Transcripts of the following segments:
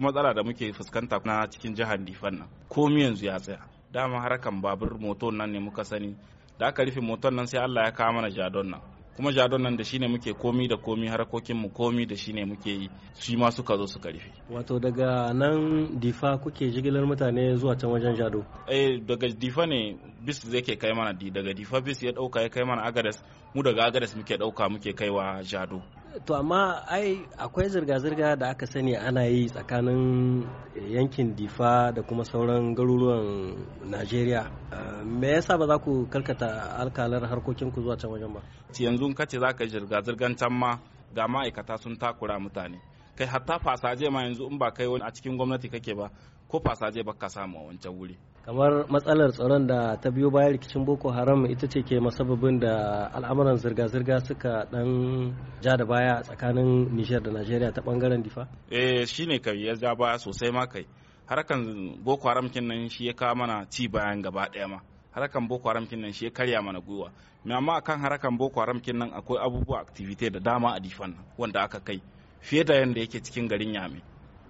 matsala da muke fuskanta na cikin jihar difan nan komi yanzu ya tsaya dama harkan babur moton nan ne muka sani da aka rufe moton nan sai Allah ya kawo mana jadon nan kuma jadon nan da shine muke komi da komi harkokin mu komi da shine muke yi shi ma suka zo suka rufe wato daga nan difa kuke jigilar mutane zuwa can wajen jado eh daga difa ne bis zai ke kai mana daga difa bis ya dauka ya kai mana agadas mu daga agadas muke dauka muke kaiwa jado to amma ai akwai zirga-zirga da aka sani ana yi tsakanin yankin difa da kuma sauran garuruwan najeriya eh, me yasa ba za ku karkata alkalar harkokin ku zuwa can wajen ba yanzu ka ce za ka zirga-zirgan can ma ga ma'aikata sun takura mutane kai hatta fasaje ma yanzu in ba kai wani a cikin gwamnati kake ba ko fasaje ba ka samu a wancan wuri kamar matsalar tsaron da ta biyo bayan rikicin boko haram ita ce ke masababin da al'amuran zirga-zirga suka dan ja da baya a tsakanin nishiyar da najeriya ta bangaren difa eh ne kai ya ja baya sosai ma kai harkan boko haram kin nan shi ya kawo mana ci bayan gaba daya ma harakan boko haram kin nan shi ya karya mana gwiwa amma akan harakan boko haram kin nan akwai abubuwa activity da dama a difan wanda aka kai fiye da yadda yake cikin garin yami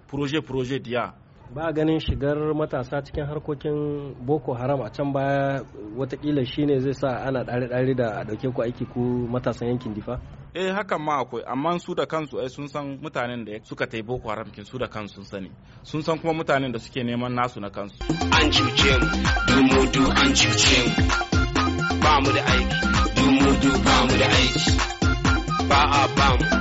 proje proje diya ba ganin shigar matasa cikin harkokin boko haram a can baya watakila shine zai sa ana dare dare da a ɗauke ku aiki ku matasan yankin difa eh hakan ma akwai amma su da kansu ai sun san mutanen da suka tai boko haram kin su da kansu sun sani sun san kuma mutanen da suke neman nasu na kansu an cuce mu du an cuce mu ba mu da aiki du ba mu da aiki ba a ba mu